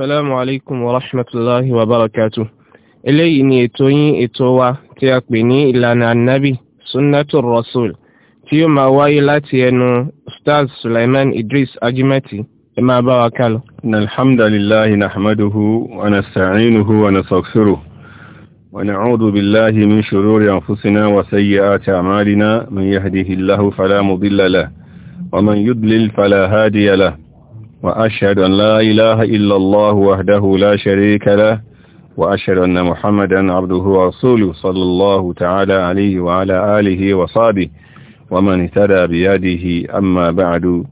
Assalamu alaikum wa rahmatullahi wa barakatuh. Eléyìí ni ètò yín ètò wa tí a pè ní ìlànà annabi Sunnatul Rasul tí ó máa wáyé láti ẹnu Ustaz Sulaiman Idris Ajimati. Ẹ máa bá wa kálọ. Alhamdulillahi nahmaduhu wa nasta'inuhu wa nastaghfiruh. Wa na'udhu billahi min shururi anfusina wa sayyiati a'malina man yahdihillahu fala mudilla wa man yudlil fala hadiya وأشهد أن لا إله إلا الله وحده لا شريك له وأشهد أن محمدا عبده ورسوله صلى الله تعالى عليه وعلى آله وصحبه ومن اهتدى بيده أما بعد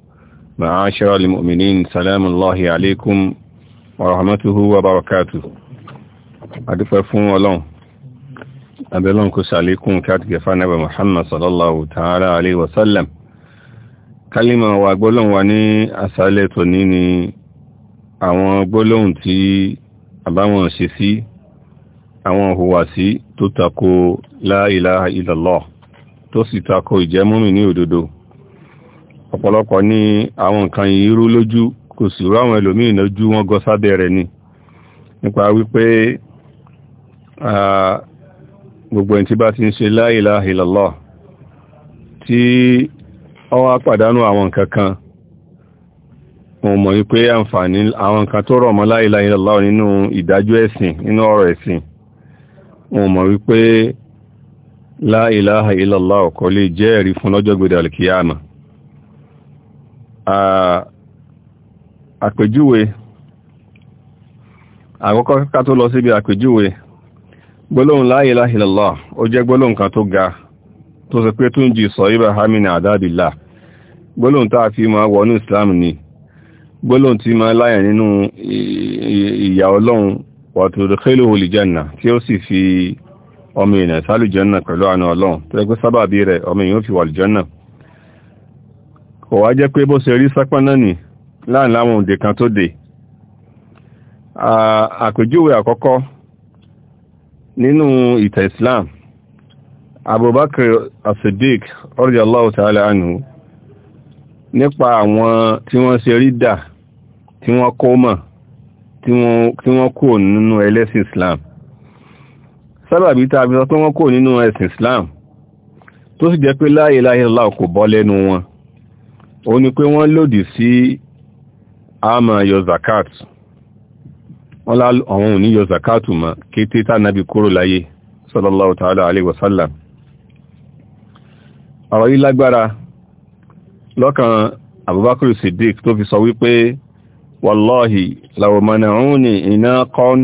معاشر المؤمنين سلام الله عليكم ورحمته وبركاته أدفع فون ولون أبلون كساليكم كاتك فانا محمد صلى الله تعالى عليه وسلم kálímà wa gbólóhùn wa ní àṣálẹ̀ tòní ni àwọn gbólóhùn tí àbáwọn ṣe sí àwọn hùwàsí tó tako la ilaha illallah tó sì tako ìjẹ́múrìn ní òdodo ọ̀pọ̀lọpọ̀ ní àwọn nǹkan yìí rú lójú kò sì rú àwọn ẹlòmíì lójú wọn gọ sábẹ́ rẹ̀ ni nípa wípé gbogbo ẹni tí bá ti ń ṣe la ilaha illallah tí ọwọ́ pàdánù àwọn nǹkan kan wọn mọ̀ àǹfààní àwọn nǹkan tó rọ̀ mọ́ la ilaha illallah nínú ìdájọ́ ẹ̀sìn nínú ọ̀rọ̀ ẹ̀sìn wọn wípé la ilaha illallah kò lè jẹ́ ẹ̀rí fún lọ́jọ́ gbẹ̀dẹ̀ tó sọ pé tó ń jí sọ ibà hamina àdábìlá gbólóhùn tá a fi máa wọnú islam ni gbólóhùn tí máa láyà nínú ìyà ọlọ́run wàtò rẹ̀kẹ́lò olìjẹ́nà tí ó sì fi ọmọ èèyàn sálùjẹ́nà pẹ̀lú àna ọlọ́run tó ẹgbẹ́ sábàbí rẹ̀ ọmọ èèyàn fi wàlùjẹ́nà kò wá jẹ́ islam Abubakar as-Siddiq radiyallahu ta'ala anhu nípa àwọn tí wọ́n ṣe rídà tí wọ́n kó mọ̀ tí wọ́n kó nínú ẹlẹ́sìn Islam sábàbí tá a fi sọ pé wọ́n kó nínú ẹ̀sìn Islam tó sì jẹ́ pé la ilaha illallah kò bọ́ lẹ́nu wọn ó ní pé wọ́n lòdì sí àmà yọ zakat wọ́n láwọn òní yọ zakatu ma kété tánàbí kúrò láyé sallallahu ta'ala alaihi wasallam ọ̀rọ̀ yìí lágbára lọ́kàn Abubakar Siddiq tó fi sọ wípé wallahi law mana'uni inaqan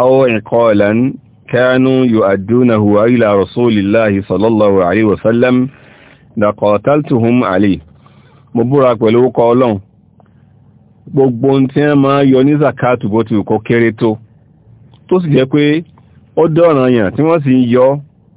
aw iqalan kanu yu'addunahu ila rasulillahi sallallahu alaihi wasallam da qataltuhum alayhi mo búra pẹ̀lú ọkọ̀ ọlọ́run gbogbo tí wọ́n máa yọ ní zakatu bó ti kó kéré tó tó sì jẹ́ pé ó dọ̀ranyàn tí wọ́n sì ń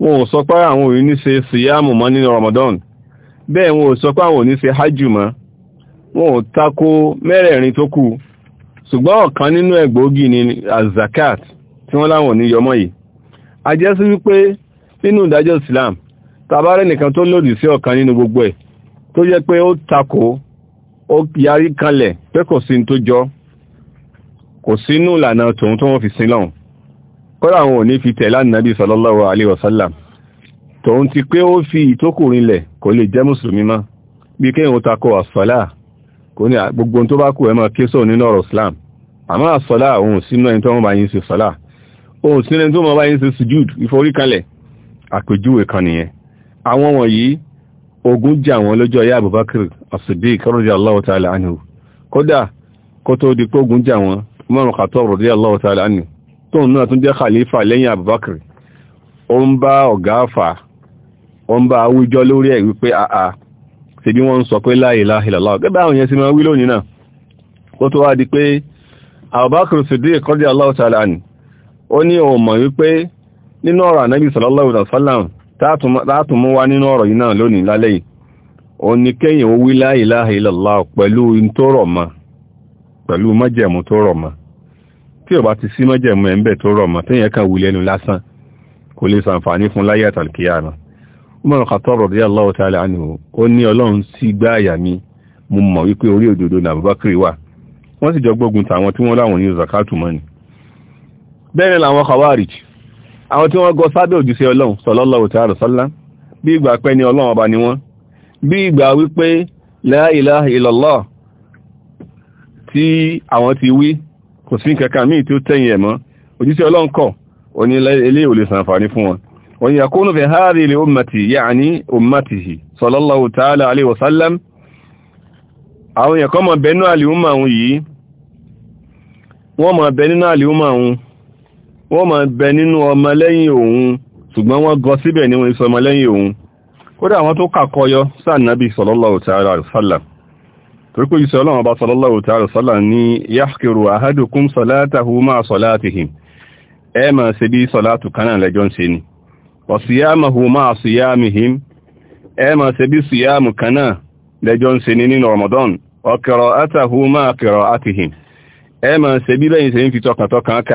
wọn ò sọ pé àwọn ò ní ṣe mọ́ nínú Ramadan bẹ́ẹ̀ wọn ò sọ pé àwọn ò ní ṣe hajj mọ́ wọn ò tako mẹ́rẹ̀ẹ̀rin tó kù ṣùgbọ́n ọ̀kan nínú ẹ̀gbòógì ni azakat tí wọ́n láwọn ò ní yọmọ́ yìí a jẹ́ sí wípé nínú ìdájọ́ Islam tàbárẹ́ nìkan tó lòdì sí ọ̀kan nínú gbogbo ẹ̀ tó jẹ́ pé ó tako ó yarí kanlẹ̀ pé kò sí tó jọ kò sínú ìlànà tòun tó wọ́n fi sin lọ́hùn kọ́lá àwọn òní fi tẹ̀lá nàbí sallallahu alaihi wasallam tòun ti pé ó fi ìtókùnrin lẹ̀ kò lè jẹ́ mùsùlùmí mọ́ bí kí ìhun takọ àsọ́lá kò ní gbogbo tó bá kù ẹ máa késo nínú ọ̀rọ̀ Islam àmọ́ àsọ́lá òun sínú ẹni tó wọ́n bá yín sí sọ́lá òun sínú ẹni tó wọ́n bá yín sí sujud ìforíkanlẹ̀ àpèjúwe kan nìyẹn àwọn wọ̀nyí tóun náà tún jẹ́ khalifa lẹ́yìn abubakar ó ń bá ọ̀gá fà ó ń bá awújọ́ lórí ẹ̀ wípé àà ṣe bí wọ́n ń sọ pé la ilaha illallah gẹ́gẹ́ àwọn yẹn sí máa wí lónìí náà kó tó wá di pé abubakar siddiq radiyallahu ta'ala anhu ó ní òun mọ̀ wípé nínú ọ̀rọ̀ ànábì sallallahu alaihi wasallam la ilaha illallah pẹ̀lú tó rọ̀ mọ́ pẹ̀lú májẹ̀mú tó tí ó bá ti sí mọ́jẹ̀mú ẹ̀ ń bẹ̀ tó rọ̀ mọ́ téèyàn kan wù lẹ́nu lásán kò lè sàǹfààní fún láyé àtàlùkìyàmà Umar Khattab radiyallahu ta'ala anhu ó ní ọlọ́run sí gbá àyà mi mo mọ̀ wípé orí òdodo ní Abubakar wà wọ́n sì jọ gbógun tàwọn tí wọ́n láwọn ní zakatu mọ́ni bẹ́ẹ̀ làwọn Khawarij àwọn tí wọ́n gọ sábẹ́ òjíṣẹ́ ọlọ́run sallallahu ta'ala sallam bí ìgbà pẹ́ ni ọlọ́run ọba ni wọ́n bí ìgbà wípé la tí àwọn ti wí kò sí kankan míì tí ó tẹ̀yìn ẹ̀ mọ́ òjíṣẹ́ ọlọ́run kọ̀ ó ní ilé ò lè sàǹfààní fún wọn wọ́n ni yakunu fi hadhihi li ummati ya'ni ummatihi sallallahu ta'ala alayhi wa sallam àwọn èèyàn kan mọ̀ bẹ nínú àlìúmọ̀ àwọn yìí wọ́n mọ̀ bẹ nínú àlìúmọ̀ àwọn wọ́n mọ̀ bẹ nínú ọmọlẹ́yìn òun ṣùgbọ́n wọ́n gọ síbẹ̀ ní wọn ìsọmọlẹ́yìn òun kódà ta'ala alayhi wa torí pé ìṣẹ́ ọlọ́run ọba sallallahu ta'ala sọ́lá ní yahkiru ahadukum salatahu ma salatihim ẹ ma ṣe bí salatu kanáà lẹ́jọ́ ń ṣe ni wa siyamahu ma siyamihim ẹ ma ṣe bí siyamu kanáà lẹ́jọ́ ṣe ni nínú Ramadan wa qira'atahu ma qira'atihim ẹ ma ṣe bí lẹ́yìn ṣe ń fi tọkàntọkàn ka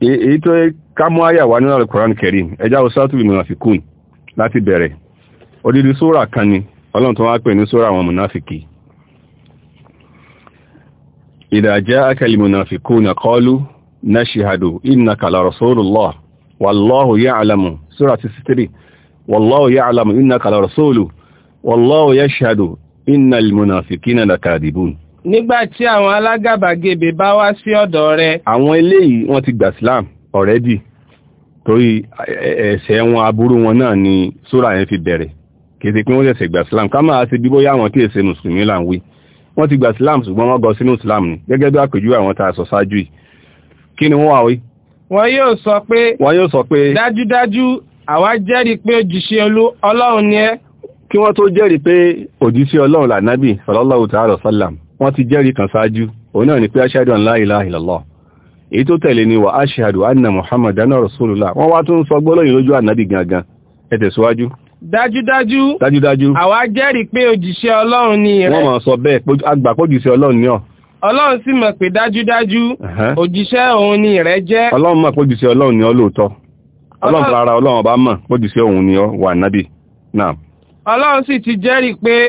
èyí tó ká mú àyà wá nínú Al-Qur'an Karim ẹjá Suratul Munafiqun láti bẹ̀rẹ̀ odidi sóra kan ni ọlọ́run tó wá pè ní sóra àwọn mùnáfikì idha ja'aka al-munafiquna qalu nashhadu innaka la rasulullah wallahu ya'lamu sóra 63 nígbà tí àwọn alágàbàgebè bá wá sí ọ̀dọ̀ rẹ. àwọn eléyìí wọ́n ti gbà Islam already torí ẹ̀ṣẹ̀ wọn aburú wọn náà ni sóra yẹn fi bẹ̀rẹ̀ kété pé wọ́n ṣẹ̀ṣẹ̀ gbà Islam ká máa ṣe bí bóyá àwọn tí èsè mùsùlùmí là ń wí wọ́n ti gbà Islam ṣùgbọ́n wọ́n gọ sínú Islam ni gẹ́gẹ́ bí àpèjúwe àwọn tá a sọ ṣáájú yìí kí ni wọ́n wà wí. wọ́n yóò sọ pé wọ́n yóò sọ pé dájúdájú àwa jẹ́rìí pé òjíṣẹ́ Ọlọ́run ni ẹ́. kí wọ́n tó jẹ́rìí pé òjíṣẹ́ Ọlọ́run lànábì sallallahu ta'ala sallam wọ́n ti jẹ́rìí kan sáájú. òun náà ni pé aṣáájú la èyí tó tẹ̀lé ni wà aṣáájú anna muhammadan rasulullah wọ́n wá tún sọ gbólóyìn lójú ànábì gangan ẹ dájúdájú àwa pé òjìṣẹ́ ọlọ́run ni rẹ̀ wọ́n sọ bẹ́ẹ̀ ọlọ́run ni ọlọ́run sì mọ̀ pé dájúdájú òjìṣẹ́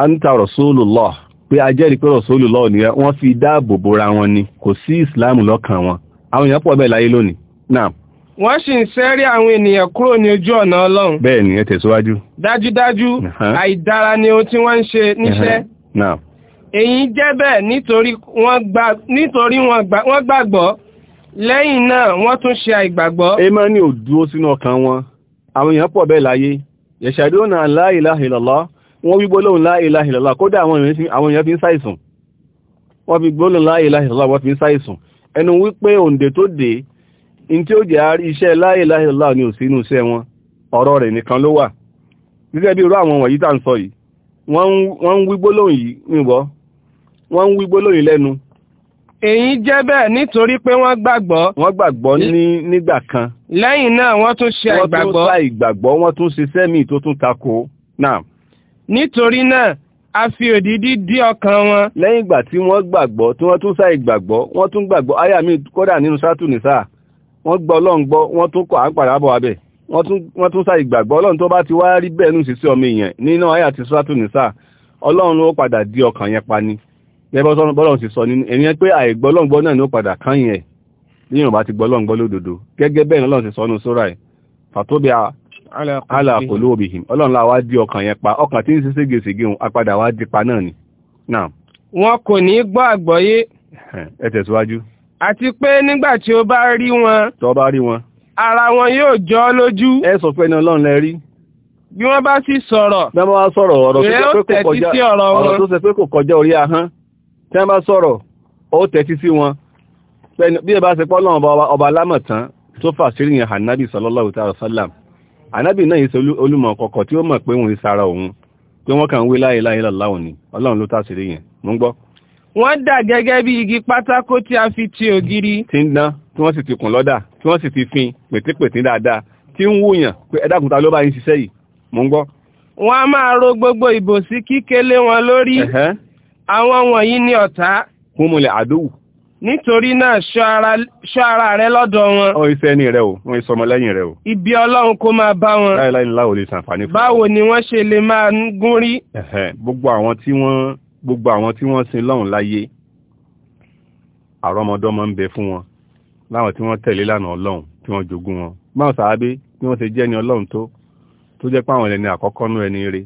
anta rasulullah pé ajẹ́rìí pé rasulullah ni wọ́n fi dáàbò bora wọn ni kò sí islam lọ́kàn wọn àwọn èèyàn pọ̀ bẹ́ẹ̀ láyé lónìí náà wọ́n sì ń ṣẹ́rí àwọn ènìyàn kúrò ní ojú ọ̀nà ọlọ́run bẹ́ẹ̀ ni ẹ tẹ̀síwájú dájúdájú àìdára ni ohun tí wọ́n ń ṣe níṣẹ́ èyí jẹ́ bẹ́ẹ̀ nítorí wọ́n gbàgbọ́ lẹ́yìn náà wọ́n tún ṣe àìgbàgbọ́ èèmọ́ ni ò dúró sínú ọkàn wọn àwọn èèyàn pọ̀ bẹ́ẹ̀ láyé yẹ̀ṣàdúnà la wọ́n wí gbólóhùn la ilaha illallah kódà àwọn èèyàn fi ń ṣàìsùn wọ́n fi gbólóhùn la ilaha illallah wọ́n fi ń ṣàìsùn ẹnu wípé òǹdè tó dé in tí ó jẹ́ iṣẹ́ la ilaha illallah ni ò sí inú iṣẹ́ wọn ọ̀rọ̀ rẹ̀ nìkan ló wà gẹ́gẹ́ bí irú àwọn wọ̀nyí tá ń sọ yìí wọ́n ń wí gbólóhùn yìí níbọ̀ wọ́n ń wí gbólóhùn lẹ́nu èyí jẹ́ bẹ́ẹ̀ nítorí pé wọ́n gbàgbọ́ wọ́n gbàgbọ́ nígbà kan lẹ́yìn náà wọ́n tún ṣe àìgbàgbọ́ wọ́n tún ṣiṣẹ́ míì tó tún tako náà nítorí náà a fi òdìdí dí ọkàn wọn. lẹ́yìn ìgbà tí wọ́n gbàgbọ́ tí wọ́n tún ṣàì gbàgbọ́ wọ́n tún gbàgbọ́ àyà mi kódà nínú sátù nìsà wọ́n gbọ́ ọlọ́run gbọ́ wọ́n tún kọ̀ àpàrà bọ̀ abẹ́ wọ́n tún ṣàì gbàgbọ́ ọlọ́run tó bá ti wá rí bẹ́ẹ̀ nù sí sí ọmọ èèyàn nínú àyà ti sátù nìsà ọlọ́run ó padà dí ọkàn yẹn pa ni bọ́lọ́run ti gbọ́lọ́ngbọ́ lódodo gẹ́gẹ́ bẹ́ẹ̀ ni ọlọ́run sì sọ nù sórà ẹ̀ fàtóbi alákòlóbìhìn ọlọ́run láwá dí ọkàn yẹn pa ọkàn tí ń ṣe ségesège ohun apadà wá dí pa náà ni náà wọn kò ní gbọ́ àgbọ́yé ẹ tẹ̀síwájú àti pé nígbà tí ó bá rí wọn tó bá rí wọn ara wọn yóò jọ lójú ẹ sọ pé ní ọlọ́run lẹ rí bí wọ́n bá sì sọ̀rọ̀ bí wọ́n bá sọ̀rọ̀ ọ̀rọ̀ tó ṣe pé kò kọjá orí ahọ́n tí wọ́n bá sọ̀rọ̀ ó tẹ́tí sí wọn bí ẹ bá ṣe pọ́ lọ́wọ́ ọba lámọ̀tán tó fà sírí yẹn hànábì sallallahu ta'ala sallam ànábì náà yìí olùmọ̀ kọ̀kọ̀ tí ó mọ̀ pé wọ́n ń sara òun pé wọ́n kàn ń wé láyé láyé lọ́láhùn ni ọlọ́run ló tàṣírí yẹn mú gbọ́. wọ́n dà gẹ́gẹ́ bí igi pátákó tí a fi ti ògiri. ti ń dán tí wọ́n sì ti kùn lọ́dà tí wọ́n sì ti fin pètípètín dáadáa tí ń wúyàn pé ẹ ta ló bá yín ṣiṣẹ́ yìí mú gbọ́. wọ́n á máa ro gbogbo ìbòsí kíkélé wọn lórí. àwọn wọ̀nyí ni ọ̀tá. kúmùlẹ̀ àdówù nítorí náà ṣọ́ ara rẹ lọ́dọ̀ wọn. ọ iṣẹ́ ẹni rẹ o wọn iṣẹ́ ọmọlẹ́yìn rẹ o. ibi ọlọ́run kó máa bá wọn. láìláì ńlá ò lè ṣàǹfààní fún. báwo ni wọ́n ṣe lè máa ń gún rí. gbogbo àwọn tí wọ́n gbogbo àwọn tí wọ́n sin lọ́hùn láyé àrọ́mọdọ́mọ ń bẹ fún wọn láwọn tí wọ́n tẹ̀lé lánàá ọlọ́run tí wọ́n jogún wọn. báwọn sàábé bí wọ́n ṣe jẹ́ ni ọlọ́run tó tó jẹ́ páwọn ẹni àkọ́kọ́ nú ẹni rẹ̀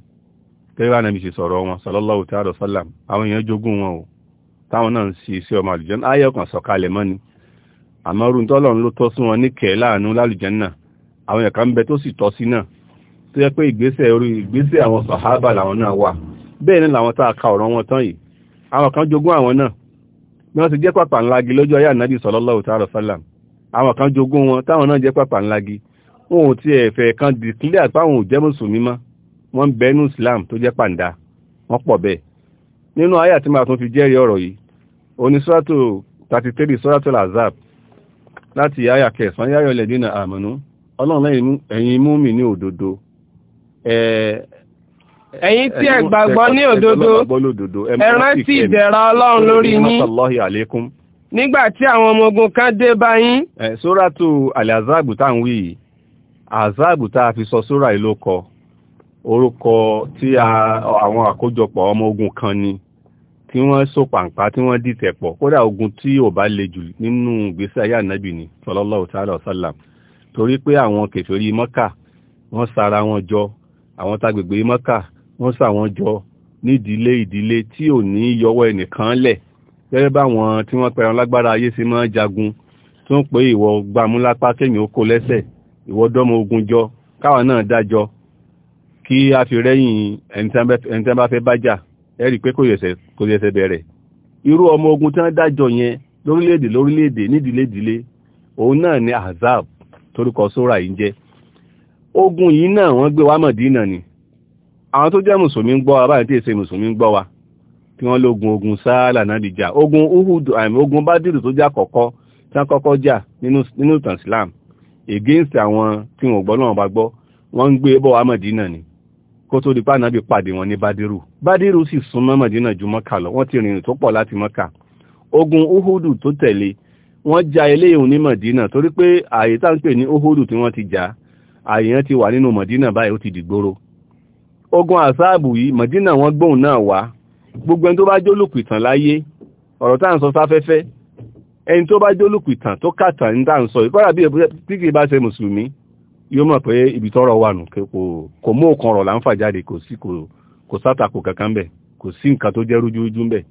tẹ́lẹ̀ bá nàbì ṣe sọ̀rọ̀ wọn sallallahu ta'ala sallam àwọn èèyàn jogún wọn o táwọn náà ń ṣe iṣẹ́ ọmọ àlùjànnà ayọ̀ kan sọ̀kalẹ̀ mọ́ ni àmọ́ rú tọ́lọ́run ló tọ́ sí wọn ní kẹ̀ẹ́ láàánú lálùjànnà àwọn ẹ̀ka ń bẹ tó sì tọ́ sí náà tó yẹ pé ìgbésẹ̀ orí ìgbésẹ̀ àwọn sàhábà làwọn náà wà bẹ́ẹ̀ ni làwọn tá a ka ọ̀rọ̀ wọn tán yìí àwọn kan jogún àwọn náà bí wọ́n ti jẹ́ pàpà ńlági lójú ayé ànábì sallallahu ta'ala sallam àwọn kan jogún wọn táwọn náà jẹ́ pàpà ńlági wọn ò ti ẹ̀fẹ̀ kan dìkílẹ̀ àpáwọn ò jẹ́ mùsùlùmí mọ́ wọ́n ń bẹ́nu Islam tó jẹ́ pàǹdà wọ́n pọ̀ bẹ́ẹ̀ nínú ayé àti máa tún fi jẹ́rí ọ̀rọ̀ yìí oní sọ́ràtò 33 sọ́ràtò lazab láti ayà kẹsàn yáyọ̀ ilẹ̀ dínà àmọ́nú ọlọ́run ẹ̀yin mú mi ní òdodo ẹ̀yin tí ẹ gbàgbọ́ ní òdodo ẹ rántí ìdẹ̀ra ọlọ́run lórí yín nígbà tí àwọn ọmọ ogun kan dé bá yín sọ́ràtò àlẹ́àzáàbù tá à ń wí yìí àzáàbù tá a fi sọ sóra ìlókọ orúkọ tí àwọn àkójọpọ̀ ọmọ ogun kan ni tí wọ́n so pàǹpá tí wọ́n dìtẹ̀ pọ̀ kódà ogun tí ò bá le jù nínú ìgbésí ayé ànábì ni sallallahu ta'ala wa sallam torí pé àwọn kèfèrí mọ́kà wọ́n sara wọn jọ àwọn tagbègbè mọ́kà wọ́n sà wọn jọ nídìílé ìdílé tí ò ní yọwọ́ ẹnìkan lẹ̀ gẹ́gẹ́ báwọn tí wọ́n pẹran lágbára ayé sí máa jagun tí wọ́n pé ìwọ gbámú lápá kéèyàn ó kó lẹ́sẹ̀ ìwọ dọ́mọ ogun jọ káwa náà dájọ kí a fi rẹ́yìn ẹni tí wọ́n bá fẹ́ bájà erik rí pé kò omo bẹ̀rẹ̀ irú ọmọ ogun tí wọ́n dájọ yẹn lórílẹ̀-èdè lórílẹ̀-èdè nídìílédìílé òun ni azab torúkọ sóra yìí jẹ́ ogun yìí náà wọ́n gbé wá ni àwọn tó jẹ́ mùsùlùmí ń gbọ́ wa báyìí tí èsè mùsùlùmí ń gbọ́ wa tí wọ́n lógun ogun sáàlà náà dìjà ogun uhud àmì ogun bádìrù tó ja koko tí wọ́n kọ́kọ́ jà nínú islam against àwọn tí wọ́n gbọ́ náà bá gbọ́ wọ́n ń ni kó tó di pa ànábì pàdé wọn ní bádírù bádírù sì súnmọ́ mọ̀dínà ju mọ́kà lọ wọn ti rìnrìn tó pọ̀ láti mọ́kà ogun uhudu tó tẹ̀lé wọn ja eléyìí ní mọ̀dínà torí pé ààyè tá ń pè ní uhudu tí wọ́n ti jà ààyè yẹn ti wà nínú mọ̀dínà báyìí ó ti dìgboro ogun asaabu yìí mọ̀dínà wọn gbóhùn náà wá gbogbo ẹni tó bá jólùpìtàn láyé ọ̀rọ̀ tá à ń sọ sáfẹ́fẹ́ ẹni tó bá jólùpìtàn tó kàtàn ń dà ń sọ ìkọ́ra bí kìkì bá ṣe mùsùlùmí yóò mọ̀ pé ibi tọ́rọ̀ wà nù kò mú òkan ọ̀rọ̀ là ń fà jáde kò sí kò sátakò kankan bẹ̀ kò sí nǹkan tó jẹ́ rújúrújú bẹ̀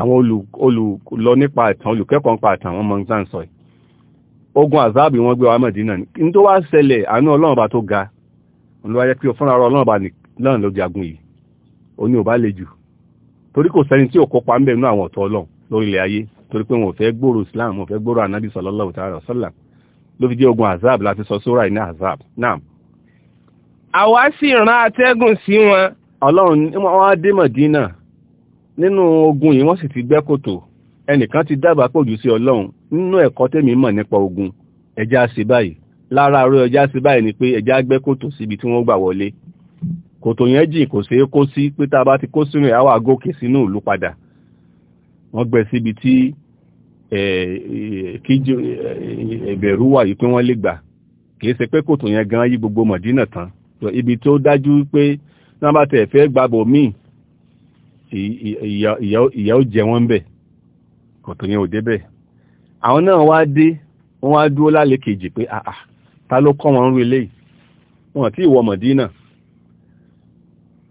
àwọn olùlọ nípa ìtàn olùkẹ́kọ̀ọ́ nípa ìtàn àwọn mọ̀ǹtà ń sọ ẹ̀ ogun azabi wọ́n gbé wa mọ̀dínà ní tó wá ṣẹlẹ̀ àánú ọlọ́run bá tó ga olùwájẹ́ pé fúnra ọlọ́run bá náà ló jagun yìí ó ní le jù torí kò sẹ́ni tí ò kópa ń bẹ̀ àwọn ọ̀tọ̀ ọlọ́run lórílẹ̀ Islam wọn ò fẹ́ ló fi jẹ́ ogun azab láti sọ sóra ní azab náà àwa sì rán atẹ́gùn sí wọn ọlọ́run wọ́n dé mọ̀dínà nínú ogun yìí wọ́n sì ti gbẹ́ kòtò ẹnìkan ti dábàá pòjù sí ọlọ́run nínú ẹ̀kọ́ tèmi mọ̀ nípa ogun ẹja sí báyìí lára aró ẹja sí báyìí ni pé ẹja gbẹ́ kòtò síbi tí wọ́n gbà wọlé kòtò yẹn jìn kò ṣeé kó sí pé tá a bá ti kó sínú ẹ̀ á sínú ìlú padà wọ́n gbẹ́ síbi tí kí ìbẹ̀rù wà yìí pé wọ́n lè gbà kìí ṣe pé kòtò yẹn gan yí gbogbo mọ̀dínà tán ibi tó dájú pé nọ́mbà tẹ̀ fẹ́ gbàbọ̀ míì ìyà ó jẹ wọ́n bẹ̀ kòtò yẹn ò débẹ̀ àwọn náà wá dé wọ́n wá dúró lálẹ́ kejì pé àà ta ló kọ́ wọn rú eléyìí wọn tí ìwọ mọ̀dínà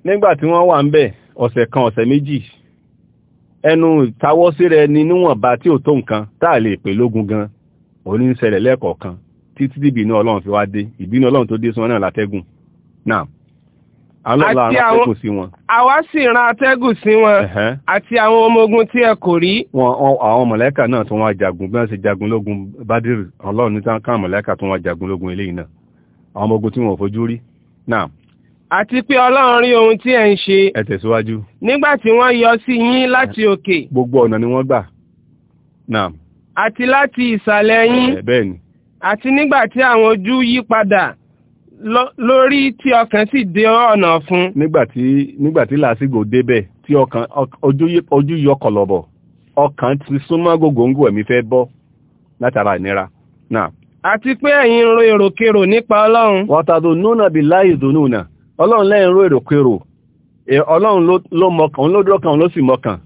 nígbà tí wọ́n wà ń bẹ̀ ọ̀sẹ̀ kan ọ̀sẹ̀ méjì ẹnu ìtawọ́sí rẹ ni níwọ̀nba tí ò tó nǹkan tá a lè pè lógun gan òní ń ṣẹlẹ̀ lẹ́ẹ̀kọ̀ọ̀kan títí dìbì náà ọlọ́run fi wá dé ìbínú ọlọ́run tó dé sí wọn náà látẹ́gùn náà alọ́la atẹ́gùn sí wọn. àwa sì ran atẹ́gùn sí wọn àti àwọn ọmọ ogun tí ẹ kò rí. wọn àwọn mọ̀lẹ́kà náà tó wọn jagun bí wọ́n ṣe jagun lógun bádìrì ọlọ́run ní táwọn mọ̀lẹ́kà tó wọn jagun lógun eléyìí náà àwọn ọmọ ogun tí wọn ò fojú rí náà àti pé ọlọ́run rí ohun tí ẹ̀ ń ṣe. ẹ nígbà tí wọ́n yọ sí yín láti òkè. gbogbo ọ̀nà ni wọ́n gbà. naam. àti láti ìsàlẹ̀ yín. bẹ́ẹ̀ ni. àti nígbà tí àwọn ojú yí padà lórí tí ọkàn sì dé ọ̀nà fún. nígbà tí nígbà tí làásìgbò débẹ̀ tí ọkàn ojú yọ kọlọ̀bọ̀ ọkàn ti súnmọ́ gògóńgò ẹ̀mí fẹ́ bọ́ látara ìnira. naam. àti pé ẹ̀yin ro èròkérò nípa ọlọ́run. wọ́n ta dùn núnà bí láì dùn ọlọ́run lẹ́yìn ró èròkèrò ọlọ́run ló mọ̀kàn ló dọ́kàn ló sì mọ̀kàn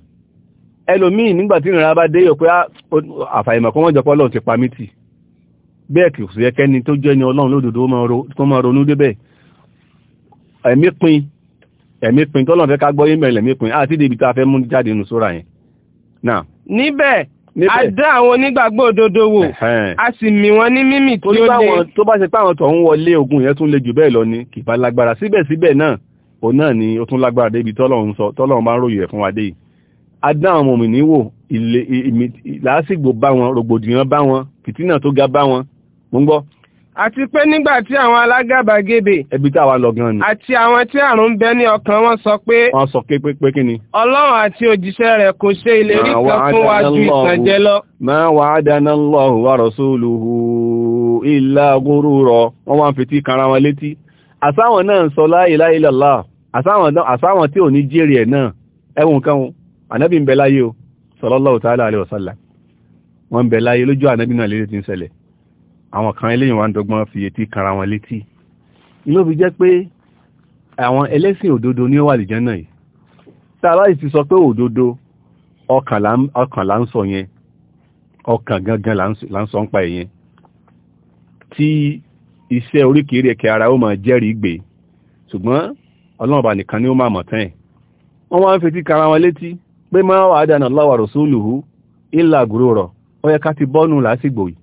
ẹlòmíì nígbàtí ìrìnà bá dé yóò pé ah, àfàìmọ̀ kọ́ wọ́n jọpọ̀ ọlọ́run ti pa mí tì bẹ́ẹ̀ kì sí ẹkẹ́ni tó jẹ́ ni ọlọ́run lódòdó tó máa ronú débẹ̀ ẹ̀mí pin ẹ̀mí pin tọ́lọ́run fẹ́ ká gbọ́yé mẹ́rin ẹ̀mí pin àti dèbìtà fẹ́ a dá àwọn onígbàgbọ́ òdodo wò a sì mì wọ́n ní mímì tí ó le tó bá ṣe pé àwọn tó ń wọlé ogun yẹn tún le jù bẹ́ẹ̀ lọ ni kì bá lágbára síbẹ̀síbẹ̀ náà òun náà ni ó tún lágbára débi tọ́lọ́run sọ tọ́lọ́run bá ń ròyìn rẹ̀ àti pé nígbà tí àwọn alágàbàgebè ẹbí tí àwa lọ gan ni àti àwọn tí àrùn ń bẹ ní ọkàn wọn sọ pé wọn sọ pé pé kí ni. ọlọ́run àti òjíṣẹ́ rẹ̀ kò ṣe ìlérí kan fún wa ju ìtànjẹ lọ. ma wa'adana Allahu wa rasuluhu illa ghurura wọ́n wá ń fi tí kanra wọn létí. àsáwọn náà ń sọ la ilaha illallah àsáwọn tí ò ní jèrè ẹ̀ náà ẹ̀wọ̀n kan wọn ànábì ń bẹ láyé o sallallahu ta'ala alaihi wasallam wọ́n ń bẹ láyé lójú ànábì náà àwọn kan eléyìn wá ń dọ́gbọ́n fi etí kara wọn létí inú fi jẹ́ pé àwọn ẹlẹ́sìn òdodo ní ó wà lìjẹ́ náà yìí tààrà ìsì sọ pé òdodo ọkàn là ń sọ yẹn ọkàn gangan là ń sọ ń pa ẹ̀yẹn tí iṣẹ́ oríkèrí ẹ̀kẹ́ ara ó máa jẹ́rìí gbé ṣùgbọ́n ọlọ́ọ̀bà nìkan ni ó máa mọ̀ wọ́n wá ń fetí kara wọn létí pé máa wà á dáná Allahu wa rasuluhu ìlà gùrò rọ̀ ó yẹ ká ti bọ́nù lásìgbò yìí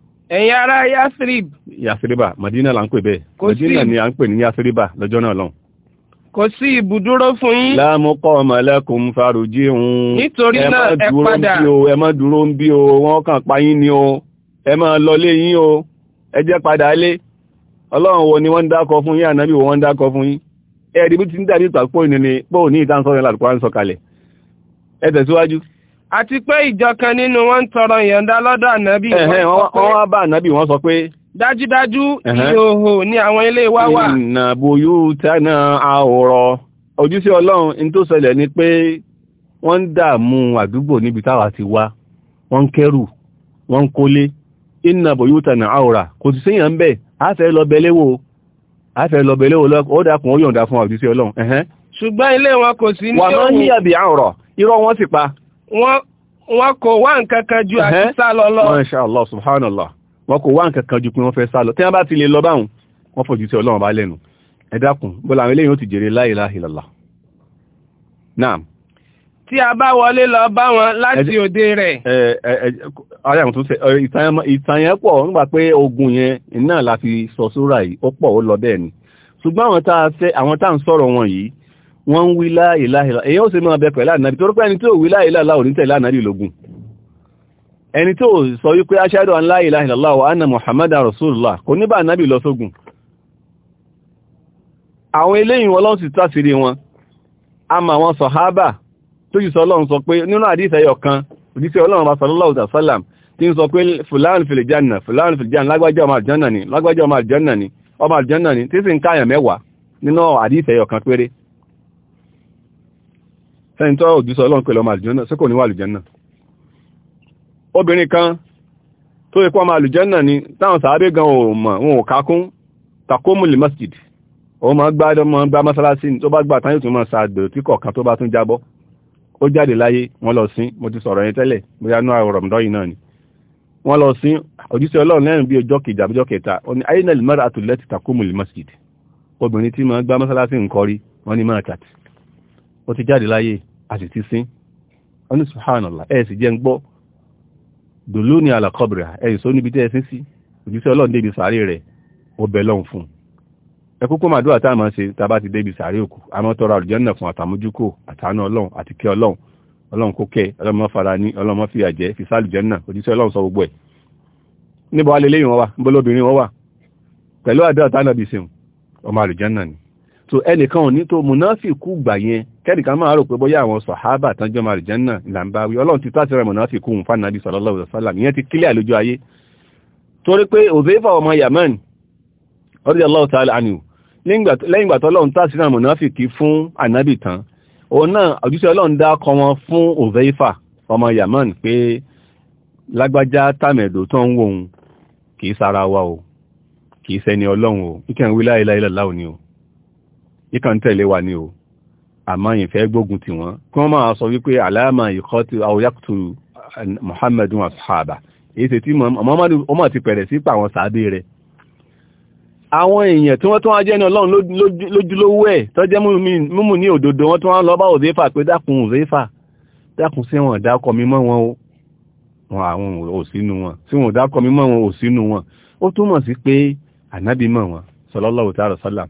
ẹ̀yin ará yasrib yasriba madina là ń pè bẹ́ẹ̀ madina ni à ń pè ní yasriba lọ́jọ́ náà lọ́hùn kò sí ibùdúró fún yín láàmúkọ́ ọmọlẹ́kùn farujì ń nítorí náà ẹ padà ẹ má dúró ń bí o wọ́n kàn pa yín ni o ẹ má lọlé yín o ẹ jẹ́ padà lé ọlọ́run wo ni wọ́n ń dákọ fún yín ànábì wo wọ́n ń dákọ fún yín ẹ̀ẹ́dì bí ti ń dàbí ìpàpọ̀ ìnìní pò ní ìtànsọ́rin làdùkọ́ à ń sọ kalẹ̀ ẹ tẹ̀síwájú àti pé ìjọ kan nínú wọn ń tọrọ ìyọ̀ǹda lọ́dọ̀ ànábì wọ́n wá bá ànábì wọ́n sọ pé dájúdájú ìhòhò ni àwọn ilé wa wà ìnàbòyú tánà àwòrọ̀ ojúṣe ọlọ́run in tó ṣẹlẹ̀ ni pé wọ́n ń dààmú àdúgbò níbi táwa ti wá wọ́n ń kẹ́rù wọ́n ń kólé ìnàbòyú tánà àwòrà kò sì séyàn ń bẹ̀ àfẹ́ lọ bẹ̀lẹ́wò àfẹ́ lọ bẹ̀lẹ́wò ṣùgbọ́n ilé wọn kò sí ní òhò wà wọn sì pa wọn kò wá nǹkan kan ju àti sálọ lọ. masha allah subhanallah wọn kò wá nǹkan kan ju pé wọ́n fẹ́ sálọ tí wọ́n bá ti lè lọ báwọn wọ́n fojú sí ọlọ́run bá lẹ́nu ẹ bọ́lá àwọn eléyìí ó ti jèrè la ilaha tí a bá wọlé lọ bá wọn láti òde rẹ̀. ara àwọn tó ṣe ìtàn pọ̀ nígbà pé ogun yẹn náà la sọ sóra yìí ó pọ̀ ó lọ bẹ́ẹ̀ ni ṣùgbọ́n àwọn tá a ń sọ̀rọ̀ wọn yìí wọ́n ń wí láìláìlá èyàn ó sì máa bẹ pẹ̀lá ànábì tó rúpẹ́ ẹni tí ó wí láìláìlá ò ní tẹ̀lé ànábì lógún ẹni tí ó sọ wípé aṣáàdọ̀ láìláìlá wa anna muhammad rasulullah kò ní bá ànábì lọ sógun àwọn eléyìn ọlọ́run sì tásìrí wọn a mà wọn sàhábà tó yìí sọ ọlọ́run sọ pé nínú àdíṣẹ́ ẹyọ fulan fil fulan fil janna lágbájá ọmọ àlùjánnà ni lágbájá ọmọ àlùjánnà ni ọmọ àlùjánnà ni tí sì ń káyàn sẹ́yìn tó òjísọ ọlọ́run pẹ̀lú ọmọ àlùjẹ́nà sẹ́kò níwà àlùjẹ́nà obìnrin kan tó ikú ọmọ àlùjẹ́nà ni táwọn sàábé gan òmọ̀ wọn ò kákún takomuli masjid òun ma gbá ọmọ gbá mọ́sálásí tó bá gbà tán yóò tún mọ́ sàgbèrò tí kọ̀ọ̀kan tó bá tún jábọ́ ó jáde láyé wọ́n lọ sí mo ti sọ̀rọ̀ yẹn tẹ́lẹ̀ bóyá ní àwọn yìí náà ni wọ́n lọ sí òjíṣẹ́ ọlọ́run lẹ́yìn bí ọjọ́ kejì àbíjọ́ kẹta ó ní ayé nàìjíríà mẹ́ta àtúlẹ̀ ti takomuli masjid obìnrin tí ma gbá mọ́sálásí nǹkọrí wọ́n ní mọ́ ó ti jáde láyé a sì ti sín wọ́n ní subhanallah ẹ̀ sì jẹ́ ń gbọ́ dòló ní alakọ́bìrà ẹ̀ sọ níbi tẹ́ ẹ sín sí òjíṣẹ́ ọlọ́run débi sàárè rẹ̀ ó bẹ lọ́hùn fún un ẹ kúkú máa dúrà táà máa ṣe tábà ti débi sàárè òkú àmọ́ tọrọ àlùjànnà fún àtàmójúkò àtàánú ọlọ́run àti kẹ́ ọlọ́run ọlọ́run kó kẹ́ ọlọ́run mọ́ fara ní ọlọ́run mọ́ fìyà jẹ ni so ẹnìkan ò ní tó mùnáfìkú gbà yẹn kẹ́nìkan máa rò pé bóyá àwọn sọ̀hábà tánjọ́ máa rìjẹ́ náà ìlà ń bá wí ọlọ́run ti tásìrẹ̀ mùnáfìkú ń fánàbí sallallahu alaihi wasallam ìyẹn ti kílẹ̀ lójú ayé torí pé òzèfà ọmọ yamani radiyallahu ta'ala anhu lẹ́yìn ìgbà tọ́lọ́run tásìrẹ̀ mùnáfìkí fún ànábì tán òun náà òjíṣẹ́ ọlọ́run fún wa o kì í ṣẹni ọlọ́run ìkàn tẹ̀lé wa ni o àmọ́ ìfẹ́ gbógun ti wọ́n kí wọ́n máa sọ wípé aláàmà ìkọ́ ti àwòyàkùtù muhammadu ashaba èsì tí muhammadu ọmọ ti pẹ̀rẹ̀ sí pa àwọn sàábé rẹ̀ àwọn èèyàn tí wọ́n tún wájẹ́ ní ọlọ́run lójúlówó ẹ̀ tó jẹ́ múmù ní òdodo wọ́n tún wá lọ bá òzéfà pé dákun òzéfà dákun sí wọn dákọ̀ mímọ́ wọn o wọn àwọn ò sínú wọn sí wọn dákọ̀ mímọ́ wọn ò sínú wọn ó túmọ̀ sí pé ànábì wọn sallallahu ta'ala sallam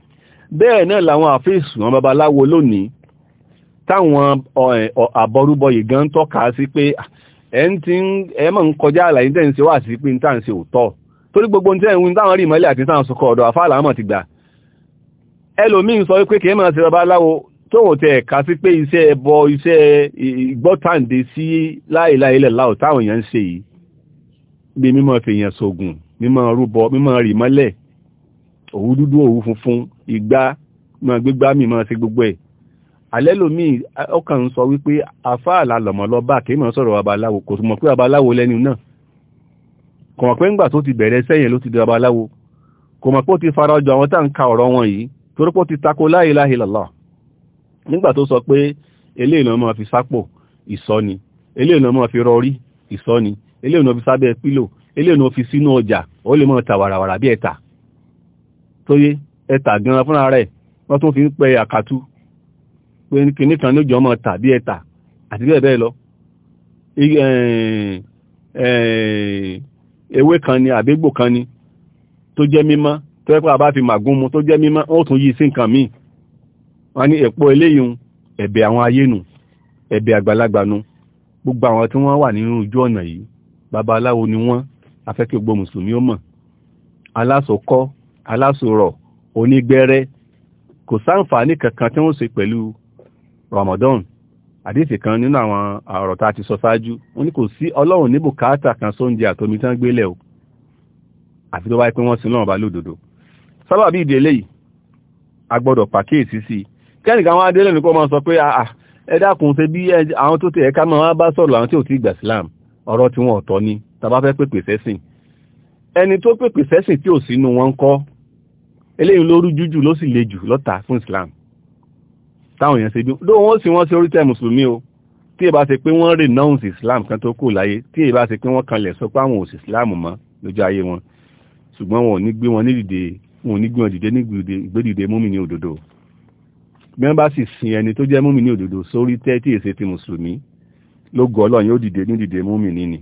bẹ́ẹ̀ náà làwọn àfíìsù wọn babaláwo lónìí táwọn àbọrúbọyè gan tọ́ka sí pé ẹ mọ̀ ń kọjá àlàyé tẹ́ ń ṣe wà sí pé ń tàn ṣe òótọ́ torí gbogbo tẹ́ ń táwọn rí ìmọ́lẹ̀ àti táwọn sọkọ̀ ọ̀dọ̀ àfáà làwọn ti gbà ẹlòmíín sọ pé kìí máa ṣe babaláwo tóun tẹ ẹ̀ka sí pé iṣẹ́ ẹbọ fèèyàn sógun mímọ́ rúbọ mímọ́ rí mọ́lẹ̀ òwú dúdú òwú funfun ìgbà mọ gbígbá mi mọ sí gbogbo ẹ̀ alẹ́ lomi ọkàn ń sọ wípé afáàlà lọ̀mọ́ lọ bá kí mọ̀ sọ̀rọ̀ babaláwo kò túnmọ̀ pé babaláwo lẹ́nu náà kò mọ̀ pé ńgbà tó ti bẹ̀rẹ̀ sẹ́yìn ló ti di babaláwo kò mọ̀ pé ó ti fara ọjọ́ àwọn tá ka ọ̀rọ̀ wọn yìí torí pé ó ti tako la ilaha illallah nígbà tó sọ pé eléyìí ló máa fi sápò ìsọ́ni eléyìí ló máa fi rọrí ìsọ́ni eléyìí ló fi sábẹ́ pílò eléyìí ló fi sínú ọjà ó lè máa ta wàràwàrà bí ẹ̀ta tó yé ẹta gan fúnra rẹ̀ wọ́n tún fi ń pẹ àkàtú pé kìíní kan ní òjò ọmọ tàbí ẹta àti bẹ́ẹ̀ bẹ́ẹ̀ lọ ewé kan ni àbégbò kan ni tó jẹ́ mímọ́ tó ẹ́pà bá fi màgún mu tó jẹ́ mímọ́ ó tún yí sí nǹkan míì wọ́n ní èpo eléyìí ẹ̀bẹ̀ àwọn ayé nù ẹ̀bẹ̀ àgbàlagbà nu gbogbo àwọn tí wọ́n wà nínú ojú ọ̀nà yìí babaláwo ni wọ́n afẹ́kẹ́ gbogbo mùsùlùmí ó mọ̀ alásọkọ́ alásòrọ̀ onígbẹ́rẹ́ kò sáǹfààní kankan tí wọ́n ṣe pẹ̀lú Ramadan àdíṣe kan nínú àwọn ọ̀rọ̀ tá a ti sọ ṣáájú wọ́n ní kò sí ọlọ́run ní bùkátà kan sóúnjẹ àtomi tán gbélẹ̀ o àfi tó bá pé wọ́n sin náà bá lódodo sábàbí ìdílé yìí a gbọ́dọ̀ pàkíyèsí sí i kẹ́nìkan wọn adélẹ̀ nìkan máa sọ pé ẹ dákun ṣe bí àwọn tó tẹ̀ ẹ̀ka máa bá sọ̀rọ̀ àwọn tí ò ti gbà Islam ọ̀rọ̀ tí wọn ọ̀tọ̀ ni tá bá fẹ́ pèpè sẹ́sìn ẹni tó pèpè sẹ́sìn tí ò sínú wọn ń kọ́ eléyìí ló rújú jù ló sì le jù lọ́ta fún islam táwọn èèyàn ṣe bí ló wọ́n sì wọ́n sí orítẹ̀ mùsùlùmí o tí èbá ṣe pé wọ́n renounce islam kan tó kù láyé tí èbá ṣe pé wọ́n kanlẹ̀ sọ pé àwọn ò sí islam mọ́ lójú ayé wọn ṣùgbọ́n wọn ò ní gbé wọn ní dìde wọn ò ní gbé wọn dìde ní ìgbédìde mùmínì òdodo bí wọ́n bá sì sin ẹni tó jẹ́ mùmínì òdodo sórí tẹ́ tí èsè ti mùsùlùmí ló gọ́ ọlọ́run yóò dìde ní dìde mùmínì ni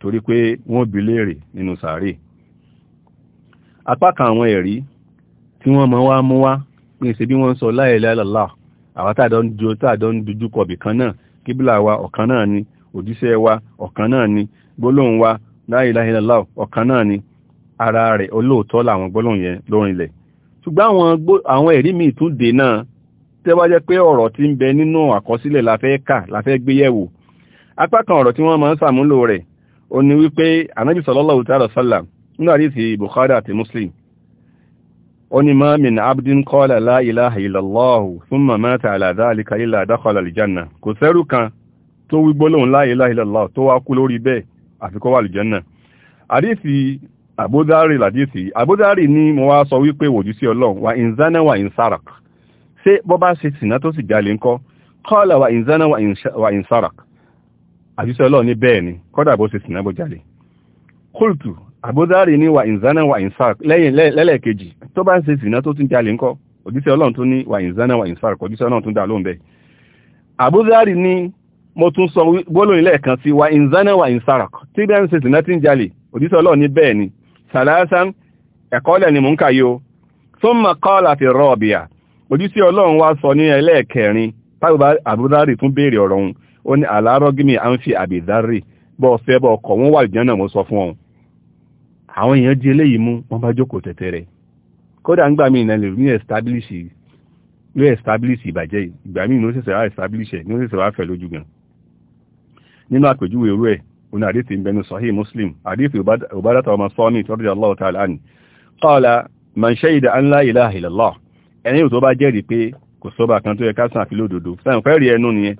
torí pé wọ́n bi léèrè nínú sàárè apá kan àwọn ẹ̀rí tí wọ́n mọ̀ wá mú wá pín ìṣe bí wọ́n sọ la ilaha illallah àwa tààdọ́ ń jo tààdọ́ ń dojú kọ bìkan náà kíbílà wa ọ̀kan náà ni òjíṣẹ́ wa ọ̀kan náà ni gbólóhùn wa la ilaha illallah ọ̀kan náà ni ara rẹ̀ olóòótọ́ làwọn gbólóhùn yẹn lórin ilẹ̀ ṣùgbọ́n àwọn ẹ̀rí mi tún dè náà tẹ́ wá jẹ́ pé ọ̀rọ̀ tí ń bẹ nínú àkọsílẹ̀ la fẹ́ kà la fẹ́ gbé yẹ̀wò apá kan ọ̀rọ̀ tí wọ́n máa ń sàmúlò rẹ̀ ó ní wípé anábì sallallahu ta'ala sallam nínú àdìsí Bukhari àti Muslim oni ma min abdin qala la ilaha illallah thumma mata ala dhalika illa dakhala aljanna kò sẹ́rù kan tó wí gbólóhùn la ilaha illallah tó wá kú lórí bẹ́ẹ̀ àfi kó wà aljanna hadisi abudari ladisi abudari ni mo wá sọ wí pé sí Ọlọ́hun wa in zana àbúdárì ní wà ìzánà wà ìsáàk lẹ́yìn lẹ́lẹ́kejì tó bá ń ṣe ìsìnà tó tún jalè ńkọ́ òjíṣẹ́ ọlọ́run tó ní wà ìzánà wà ìsáàk òjíṣẹ́ ọlọ́run tó dá lóhùn bẹ́ẹ̀ àbúdárì ní mo tún sọ gbólóhùn lẹ́ẹ̀kan sí wà ìzánà wà ìsáàk tí bá ń ṣe ìsìnà tí ń jalè òjíṣẹ́ ọlọ́run ní bẹ́ẹ̀ ni sàlásán ẹ̀kọ́lẹ̀ ni mò ń kàyé o thumma qala fi rọ́ọ̀bìà òjíṣẹ́ ọlọ́run wá sọ ní ẹlẹ́ẹ̀kẹrin tábìbá àbúdárì tún béèrè ọ̀rọ̀ òun ó ní àlárọ́gímì à ń fi àbìdárì bọ́ọ̀ fẹ́ bọ́ọ̀ kọ̀ wọ́n wà ìjọ́nà mo sọ fún ọ àwọn èèyàn di eléyìí mú wọ́n bá jókòó tẹ̀tẹ̀ rẹ̀ kódà ń gbà mí ìnà lè ní establish yóò establish ìbàjẹ́ ìgbà mí ní ó ṣẹ̀ṣẹ̀ wá establish ẹ̀ ní ó ṣẹ̀ṣẹ̀ wá fẹ̀ lójú gan nínú àpèjúwe irú ẹ̀ òun àdéfì ń bẹnu sahih muslim àdéfì òbádàtà ọmọ sọ́ọ́mì radiyallahu ta'ala anhu qala man shahida an la ilaha illallah ẹni yóò tó bá jẹ́rìí pé kò sọ́ba kan tó yẹ ká sàn àfi lódodo sáyẹn fẹ́ rí ẹnu nìyẹn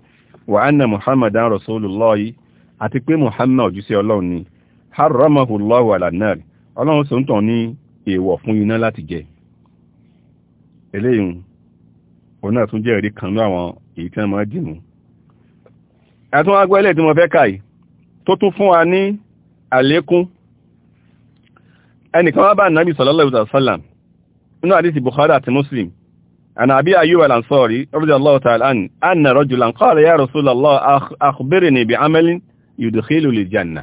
wa anna muhammadan rasulullah yìí àti pé muhammad òjíṣẹ́ ọlọ́run ni haramahu Allahu ala nar ọlọ́run sọ ń tàn ní èèwọ̀ fún iná láti jẹ eléyìn òun náà tún jẹ́ ẹ̀rí kan ní àwọn èyí tí wọ́n máa dìmú ẹ̀tún agbẹ́lẹ̀ tí mo fẹ́ kàí tó tún fún wa ní àlékún ẹnìkan wá bá nàbí sallallahu alaihi رضي الله تعالى عنه أن رجلا قال يا رسول الله أخبرني بعمل يدخل للجنة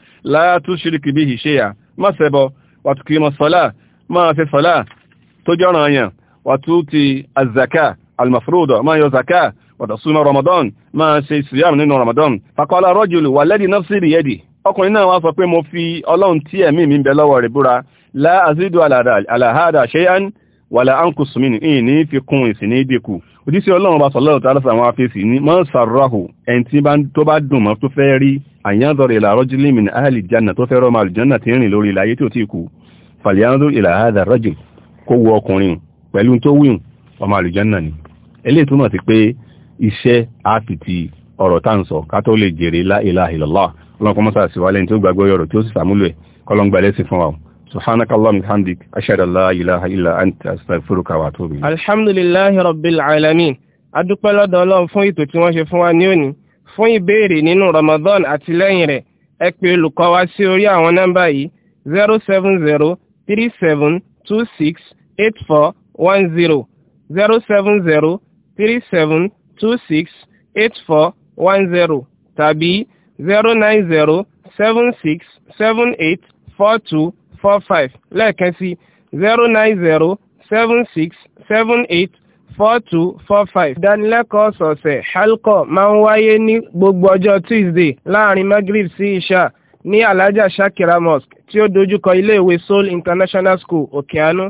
la tushrik bihi shay'a má ṣẹbọ wa tuqima salat máa ṣe salat tó jẹ́ ọ̀ràn àyàn wa tuti az-zakat al-mafruda máa yọ zakat wa tasuma ramadan máa ṣe siyam nínú ramadan faqala rajulu walladhi nafsi biyadihi ọkùnrin náà wá sọ pé mo fi ọlọ́run tí ẹ̀mí mi ń bẹ lọ́wọ́ rẹ̀ wala anqus min ìní òjíṣẹ́ ọlọ́run bá sọ̀lọ́rọ̀ tó alẹ́sà àwọn afẹ́sì ní mọ́ sàrọ́hù ẹni tí tó bá dùn mọ́ tó fẹ́ rí àyánzọ̀rọ̀ ìlà rọ́jìlímìn ahàlì jana tó fẹ́ rọ́mọ àlùjọ́nà tí ń rìn lórí ilẹ̀ ayé tí ò tí kú ìlà àhàdà rọ́jì kó wọ ọkùnrin pẹ̀lú tó wíhùn ọmọ àlùjọ́nà ni eléyìí túmọ̀ sí pé iṣẹ́ àfìtì ọ̀rọ̀ tá ń sọ ká tó lè jèrè lá ilaha illallah ọlọ́run kọ́mọ́sà sí wálẹ́ni سبحانك اللهم وبحمدك أشهد أن لا إله إلا أنت أستغفرك وأتوب إليك الحمد لله رب العالمين adúpẹ́ lọ́dọ̀ ọlọ́run fún ètò tí wọ́n ṣe fún wa ní òní fún ìbéèrè nínú Ramadan àti lẹ́yìn rẹ̀ ẹ pè olùkọ́ wa sí orí àwọn nọ́mbà yìí zero seven zero three seven two six eight four one zero zero seven zero three seven two six eight four one zero tàbí zero nine zero seven six seven eight four two four five lẹ́ẹ̀kan sí zero nine zero seven six seven eight four two four five. ìdánilẹ́kọ̀ọ́ ọ̀sọ̀ọ̀sẹ̀ halkọ máa ń wáyé ní gbogbo ọjọ́ tuesday láàrin magrib sí isha ní alhaja shakira mosque tí ó dojúkọ iléèwé seoul international school òkèánú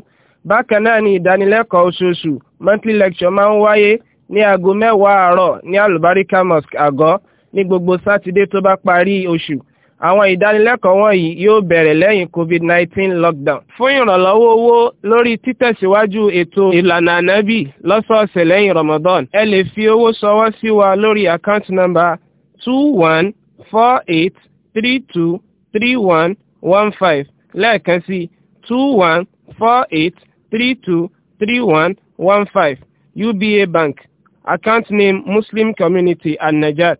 bákan náà ni ìdánilẹ́kọ̀ọ́ oṣooṣù monthly lecture máa ń wáyé ní aago mẹ́wàá àárọ̀ ní alubarika mosque àgọ́ ní gbogbo sátidé tó bá parí oṣù àwọn ìdánilẹ́kọ̀ọ́ wọ̀nyí yóò bẹ̀rẹ̀ lẹ́yìn covid-19 lockdown. fún ìrànlọ́wọ́ owó lórí títẹ̀síwájú ètò ìlànà ànábì lọ́sọ̀ọ̀sẹ̀ lẹ́yìn ramadan ẹ lè fi owó ṣọwọ́ sí wa lórí account number two one four eight three two three one one five lẹ́ẹ̀kan sí two one four eight three two three one one five uba bank account name muslim community and najat.